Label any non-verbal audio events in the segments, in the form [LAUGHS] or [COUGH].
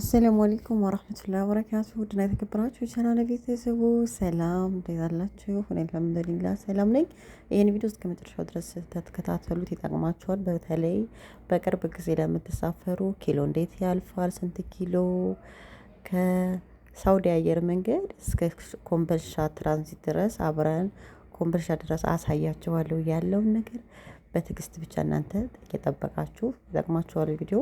አሰላሙ አለይኩም ወራህመቱላሂ ወበረካቱሁ ውድና የተከበራችሁ የቻናል ቤተሰቦች ሰላም፣ እንዴት አላችሁ? እኔ አልሐምዱሊላህ ሰላም ነኝ። ይህን ቪዲዮ እስከ መጨረሻው ድረስ ተከታተሉት፣ ይጠቅማችኋል። በተለይ በቅርብ ጊዜ ለምትሳፈሩ ኪሎ እንዴት ያልፋል፣ ስንት ኪሎ ከሳውዲ አየር መንገድ እስከ ኮምቦልቻ ትራንዚት ድረስ አብረን ኮምቦልቻ ድረስ አሳያችኋለሁ ያለውን ነገር በትዕግስት ብቻ እናንተ የጠበቃችሁ ይጠቅማችኋል። ቪዲዮ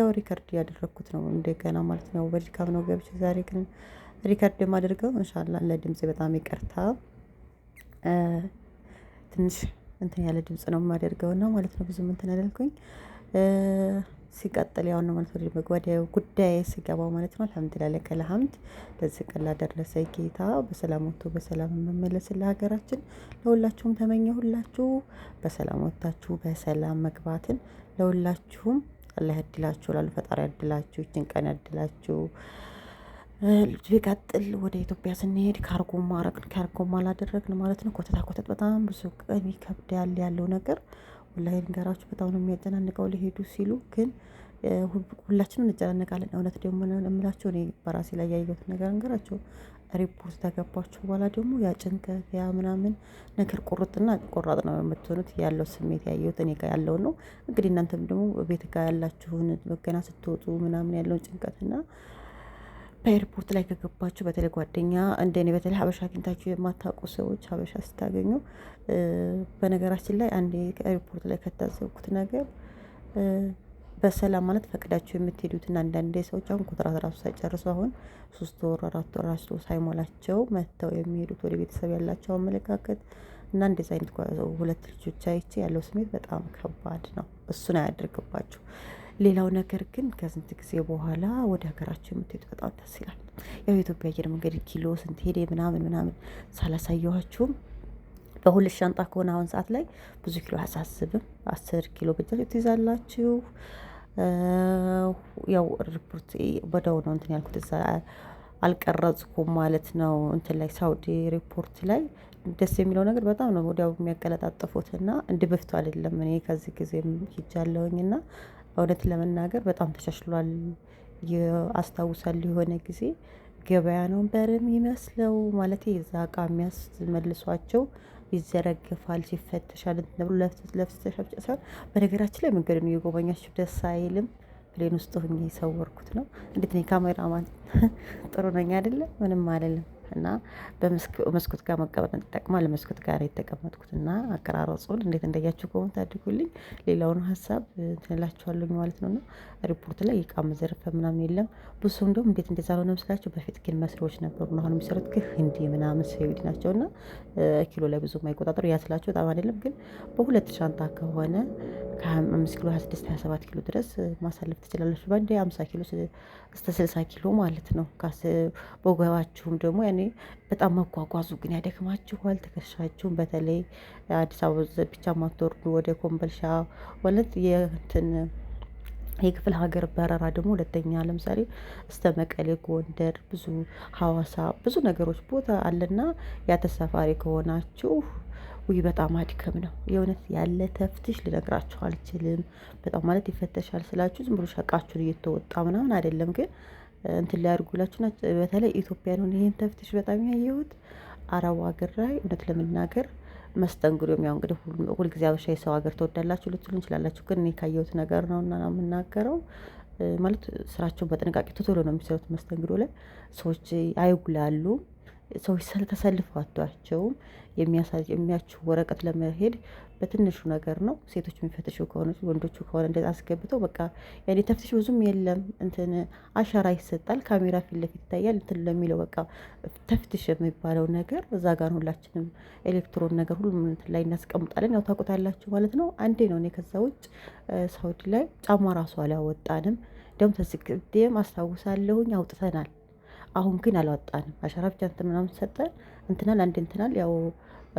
ያው ሪከርድ እያደረኩት ነው እንደገና ማለት ነው። በድካም ነው ገብቼ ዛሬ ግን ሪከርድ የማደርገው እንሻላ ለድምፄ በጣም ይቅርታ ትንሽ እንትን ያለ ድምፅ ነው የማደርገውና ማለት ነው ብዙም እንትን አደልኩኝ። ሲቀጥል ያው ነው ማለት ወደ ወደ ጉዳይ ስገባው ማለት ነው። አልሐምዱሊላህ ለከል ሐምድ ለዚህ ቀን ላደረሰ ጌታ በሰላም ወጥቶ በሰላም መመለስ ለሀገራችን ለሁላችሁም ተመኘሁላችሁ። በሰላም ወጥታችሁ በሰላም መግባትን ለሁላችሁም አላህ ያድላችሁ እላለሁ። ፈጣሪ ያድላችሁ፣ ይችን ቀን ያድላችሁ። ሊቀጥል ወደ ኢትዮጵያ ስንሄድ ካርጎ ማረግ ካርጎ አላደረግን ማለት ነው። ኮተታ ኮተት በጣም ብዙ ቀን ይከብዳል ያለው ነገር ወላሂ ልንገራችሁ በጣም ነው የሚያጨናንቀው። ሊሄዱ ሲሉ ግን ሁላችንም እንጨናነቃለን። እውነት ደግሞ እምላቸው እኔ በራሴ ላይ ያየሁት ነገር ንገራቸው ሪፖርት ተገባችሁ በኋላ ደግሞ ያ ጭንቀት ያ ምናምን ነገር ቁርጥና ቆራጥ ነው የምትሆኑት። ያለው ስሜት ያየሁት እኔ ጋር ነው። እንግዲህ እናንተም ደግሞ ቤት ጋር ያላችሁን መገና ስትወጡ ምናምን ያለውን ጭንቀትና በኤርፖርት ላይ ከገባችሁ በተለይ ጓደኛ እንደኔ በተለይ ሀበሻ አግኝታችሁ የማታውቁ ሰዎች ሀበሻ ስታገኙ፣ በነገራችን ላይ አንድ ኤርፖርት ላይ ከታዘብኩት ነገር በሰላም ማለት ፈቅዳችሁ የምትሄዱትና አንዳንድ ሰዎች አሁን ኮንትራት ራሱ ሳይጨርሱ አሁን ሶስት ወር አራት ወር ራሱ ሳይሞላቸው መጥተው የሚሄዱት ወደ ቤተሰብ ያላቸው አመለካከት እና እንደዚ አይነት ሁለት ልጆች አይቼ ያለው ስሜት በጣም ከባድ ነው። እሱን አያደርግባችሁ። ሌላው ነገር ግን ከስንት ጊዜ በኋላ ወደ ሀገራችን የምትሄዱ በጣም ደስ ይላል። ያው የኢትዮጵያ አየር መንገድ ኪሎ ስንት ሄደ ምናምን ምናምን ሳላሳየኋችሁም በሁለት ሻንጣ ከሆነ አሁን ሰዓት ላይ ብዙ ኪሎ አያሳስብም። አስር ኪሎ በእጃችሁ ትይዛላችሁ። ያው ሪፖርት ወደው ነው እንትን ያልኩት አልቀረጽኩም ማለት ነው። እንትን ላይ ሳውዲ ሪፖርት ላይ ደስ የሚለው ነገር በጣም ነው ወዲያው የሚያቀለጣጠፉት እና እንደ በፊቱ አይደለም። እኔ ከዚህ ጊዜ ሂጃለሁኝ እና እውነት ለመናገር በጣም ተሻሽሏል። አስታውሳል የሆነ ጊዜ ገበያ ነው በርም ይመስለው ማለት እዛ እቃ የሚያስመልሷቸው ይዘረግፋል ይፈተሻል ብሎ ለፍተሻ ብቻ ሳይሆን በነገራችን ላይ መንገድን እየጎበኛችሁ ደስ አይልም። ፕሌን ውስጥ ሆኜ የሰወርኩት ነው። እንዴት ነኝ ካሜራማን? [LAUGHS] ጥሩ ነኝ አይደለ ምንም አለልም። እና በመስኮት ጋር መቀመጥ ይጠቅማል። መስኮት ጋር የተቀመጥኩት እና አቀራረጹን እንዴት እንዳያችሁ ኮመንት ታድጉልኝ። ሌላውን ሀሳብ እንትን ማለት ነው። እና ሪፖርት ላይ የእቃ መዘረፈ ምናምን የለም። ብዙ ሰው እንደውም እንዴት እንደዛ ሆነ መስላችሁ። በፊት ግን መስሪዎች ነበሩ፣ አሁን የሚሰሩት ግን ህንዲ ምናምን ስዊድ ናቸው እና ኪሎ ላይ ብዙ ማይቆጣጠሩ ያ በጣም አይደለም ግን በሁለት ሻንታ ከሆነ ከአምስት ኪሎ ሀያ ስድስት ሀያ ሰባት ኪሎ ድረስ ማሳለፍ ትችላለች። በአንድ ሀምሳ ኪሎ እስከ ስልሳ ኪሎ ማለት ነው። በወገባችሁም ደግሞ ያኔ በጣም መጓጓዙ ግን ያደክማችኋል። ትከሻችሁም በተለይ አዲስ አበባ ብቻ ማትወርዱ ወደ ኮምበልሻ ወለት የትን የክፍለ ሀገር በረራ ደግሞ ሁለተኛ ለምሳሌ እስተ መቀሌ፣ ጎንደር፣ ብዙ ሀዋሳ ብዙ ነገሮች ቦታ አለና ያ ተሳፋሪ ከሆናችሁ ውይ በጣም አድከም ነው የእውነት ያለ ተፍትሽ ልነግራችሁ አልችልም። በጣም ማለት ይፈተሻል ስላችሁ ዝም ብሎ ሸቃችሁን እየተወጣ ምናምን አይደለም፣ ግን እንትን ላይ አድርጉላችሁና በተለይ ኢትዮጵያ ነው ይህን ተፍትሽ በጣም ያየሁት አረቡ ሀገር ላይ እውነት ለመናገር መስተንግዶ የሚያው እንግዲህ ሁልጊዜ አበሻ የሰው ሀገር ተወዳላችሁ ልትሉ እንችላላችሁ፣ ግን እኔ ካየሁት ነገር ነው እና ነው የምናገረው። ማለት ስራቸውን በጥንቃቄ ቶሎ ነው የሚሰሩት። መስተንግዶ ላይ ሰዎች አይጉላሉ። ሰዎች ተሰልፈው አቷቸውም የሚያችሁ ወረቀት ለመሄድ በትንሹ ነገር ነው። ሴቶች የሚፈትሹ ከሆነ ወንዶቹ ከሆነ እንደ አስገብተው በቃ ያኔ ተፍትሽ ብዙም የለም። እንትን አሻራ ይሰጣል፣ ካሜራ ፊት ለፊት ይታያል። እንትን ለሚለው በቃ ተፍትሽ የሚባለው ነገር እዛ ጋር ሁላችንም ኤሌክትሮን ነገር ሁሉም እንትን ላይ እናስቀምጣለን። ያው ታውቁታላችሁ ማለት ነው። አንዴ ነው እኔ ከዛ ውጭ ሳውዲ ላይ ጫማ ራሱ አላወጣንም። ደም ተዝግዴም አስታውሳለሁኝ አውጥተናል አሁን ግን አላወጣንም። አሻራ ብቻ እንትን ምናምን ሰጠን እንትናል አንድ እንትናል ያው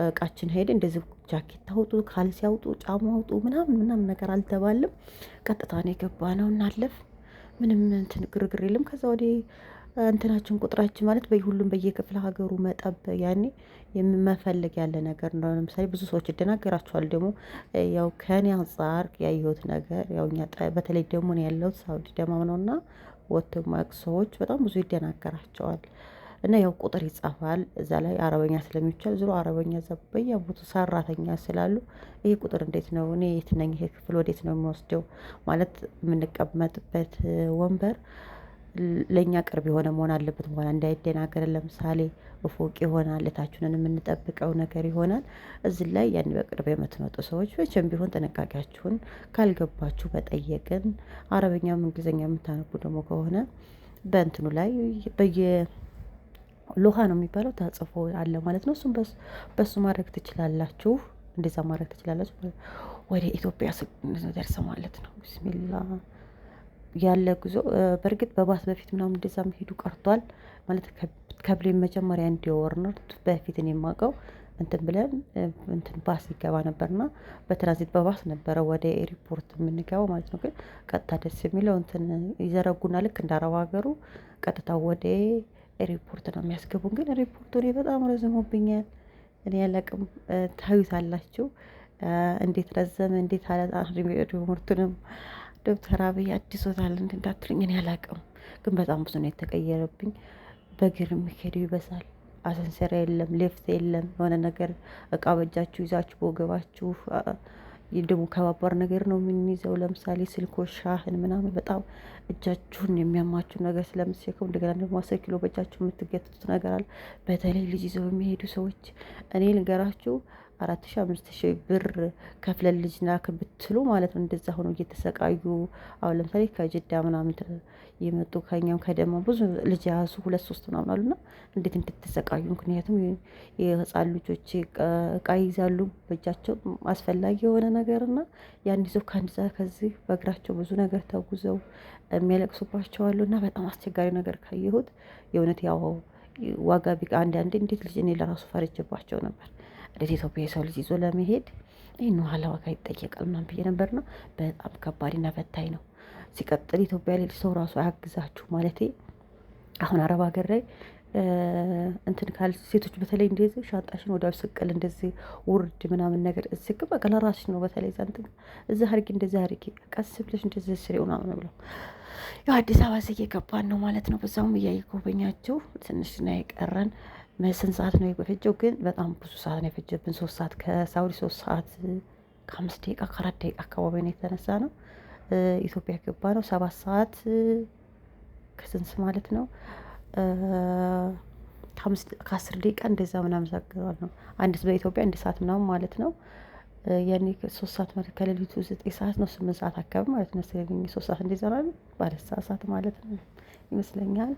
እቃችን ሄድ እንደዚህ ጃኬት አውጡ፣ ካልሲ አውጡ፣ ጫማ አውጡ ምናምን ምናምን ነገር አልተባልም። ቀጥታ ነው የገባ ነው እናለፍ። ምንም እንትን ግርግር የለም። ከዛ ወዲህ እንትናችን ቁጥራችን ማለት በሁሉም በየክፍለ ሀገሩ መጠብ ያኔ የምመፈልግ ያለ ነገር ነው። ለምሳሌ ብዙ ሰዎች ይደናገራቸዋል። ደግሞ ያው ከኔ አንጻር ያየሁት ነገር ያው በተለይ ደግሞ ነው ያለሁት ሳውዲ ደማም ነው እና ወጥቶ የማያውቁ ሰዎች በጣም ብዙ ይደናገራቸዋል። እና ያው ቁጥር ይጻፋል እዛ ላይ አረበኛ ስለሚቻል ዝሮ አረበኛ እዛ በየቦታው ሰራተኛ ስላሉ ይሄ ቁጥር እንዴት ነው እኔ የት ነኝ ይሄ ክፍል ወዴት ነው የሚወስደው ማለት የምንቀመጥበት ወንበር ለእኛ ቅርብ የሆነ መሆን አለበት። በኋላ እንዳይደናገረን ለምሳሌ እፎቅ ይሆናል እታችንን የምንጠብቀው ነገር ይሆናል። እዚህ ላይ ያን በቅርብ የምትመጡ ሰዎች መቼም ቢሆን ጥንቃቄያችሁን ካልገባችሁ መጠየቅን አረበኛም እንግሊዝኛ የምታነቡ ደግሞ ከሆነ በእንትኑ ላይ በየ ሎሃ ነው የሚባለው ተጽፎ አለ ማለት ነው። እሱም በሱ ማድረግ ትችላላችሁ እንደዛ ማድረግ ትችላላችሁ። ወደ ኢትዮጵያ ስደርስ ማለት ነው ብስሚላ ያለ ጉዞ በእርግጥ በባስ በፊት ምናምን እንደዛ መሄዱ ቀርቷል። ማለት ከብሌን መጀመሪያ እንዲወርነር በፊት እኔ የማውቀው እንትን ብለን እንትን ባስ ይገባ ነበርና በትራንዚት በባስ ነበረ ወደ ኤርፖርት የምንገባው ማለት ነው። ግን ቀጥታ ደስ የሚለው እንትን ይዘረጉና ልክ እንደ ሀገሩ ቀጥታ ወደ ኤርፖርት ነው የሚያስገቡን። ግን ሪፖርቱ እኔ በጣም ረዝሞብኛል። እኔ ያለቅም ታዩታላችሁ፣ እንዴት ረዘመ እንዴት አለ ሪፖርቱንም ዶክተር አብይ አዲስ ወታለንት እንዳትልኝ እኔ አላውቅም፣ ግን በጣም ብዙ ነው የተቀየረብኝ። በእግር የሚሄዱ ይበዛል። አሰንሰር የለም፣ ሌፍት የለም። የሆነ ነገር እቃ በእጃችሁ ይዛችሁ በወገባችሁ ደግሞ ከባባር ነገር ነው የምንይዘው። ለምሳሌ ስልኮ ሻህን ምናምን በጣም እጃችሁን የሚያማችሁ ነገር ስለምትሸከሙ እንደገና ደግሞ አስር ኪሎ በእጃችሁ የምትገትቱት ነገር አለ። በተለይ ልጅ ይዘው የሚሄዱ ሰዎች እኔ ልንገራችሁ አራት ሺ አምስት ሺ ብር ከፍለን ልጅ ላክ ብትሉ ማለት ነው። እንደዛ ሆኖ እየተሰቃዩ አሁን ለምሳሌ ከጅዳ ምናምን የመጡ ከኛም ከደማ ብዙ ልጅ ያሱ ሁለት ሶስት ምናምን አሉና እንዴት እንድትሰቃዩ። ምክንያቱም የህፃን ልጆች እቃ ይዛሉ በእጃቸው አስፈላጊ የሆነ ነገርና ያን ይዘው ከአንድ ከዚህ በእግራቸው ብዙ ነገር ተጉዘው የሚያለቅሱባቸው አሉ እና በጣም አስቸጋሪ ነገር ካየሁት የእውነት ያው ዋጋ ቢቃ አንዳንዴ እንዴት ልጅ እኔ ለራሱ ፈርጅባቸው ነበር። ወደ ኢትዮጵያ የሰው ልጅ ይዞ ለመሄድ ይህን ኋላ ለዋጋ ይጠየቃል ምናምን ብዬ ነበር ነው። በጣም ከባድና ፈታኝ ነው። ሲቀጥል ኢትዮጵያ ሌል ሰው ራሱ አያግዛችሁ ማለት አሁን አረብ ሀገር ላይ እንትን ካል ሴቶች በተለይ እንደዚህ ሻንጣሽን ወዳጅ ስቅል እንደዚህ ውርድ ምናምን ነገር እስክ በቃ ለራስሽ ነው። በተለይ ዛንት እዚ አርጊ እንደዚ አርጊ ቀስ ብለሽ እንደዚህ ስሪ ምናምን ብለው ያው አዲስ አበባ እየገባን ነው ማለት ነው። በዛውም እያየ ጎበኛቸው ትንሽ ና የቀረን። ስንት ሰዓት ነው የፈጀው? ግን በጣም ብዙ ሰዓት ነው የፈጀብን። ሶስት ሰዓት ከሳውዲ ሶስት ሰዓት ከአምስት ደቂቃ ከአራት ደቂቃ አካባቢ ነው የተነሳ ነው ኢትዮጵያ ገባ ነው ሰባት ሰዓት ከስንት ማለት ነው ከአስር ደቂቃ እንደዛ ምናምን ዘግሯል ነው አንድ በኢትዮጵያ አንድ ሰዓት ምናምን ማለት ነው። ያኔ ሶስት ሰዓት ማለት ከሌሊቱ ዘጠኝ ሰዓት ነው ስምንት ሰዓት አካባቢ ማለት ነው መሰለኝ ሶስት ሰዓት እንዲዘራል በአራት ሰዓት ማለት ነው ይመስለኛል።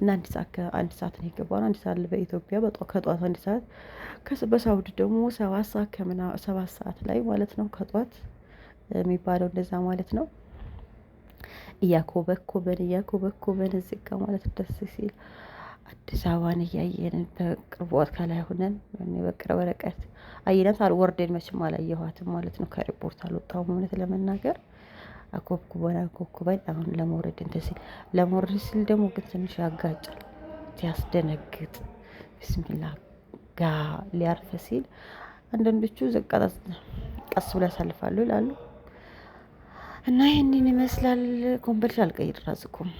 እና አንድ ሰዓት አንድ ሰዓት ነው የገባነው አንድ ሰዓት በኢትዮጵያ ከጠዋት አንድ ሰዓት በሳውዲ ደግሞ ሰባት ሰዓት ከምና ሰባት ሰዓት ላይ ማለት ነው ከጠዋት የሚባለው እንደዛ ማለት ነው። እያኮበኮበን እያኮበኮበን እዚህ ጋር ማለት ደስ ሲል አዲስ አበባን እያየን በቅርቦት ከላይ ሆነን በቅርብ ርቀት አየናት። አልወርደን መቼም አላየኋትም ማለት ነው። ከሪፖርት አልወጣሁም እውነት ለመናገር አኮብኩበን አኮብኩበን አሁን ለመውረድ እንደዚህ ለመውረድ ሲል ደግሞ ግን ትንሽ ያጋጫል፣ ሲያስደነግጥ ብስሚላ ጋ ሊያርፈ ሲል አንዳንዶቹ ዘቃጣ ቀስ ብሎ ያሳልፋሉ ይላሉ እና ይህንን ይመስላል። ኮምቦልቻ አልቀይር ራዝኩም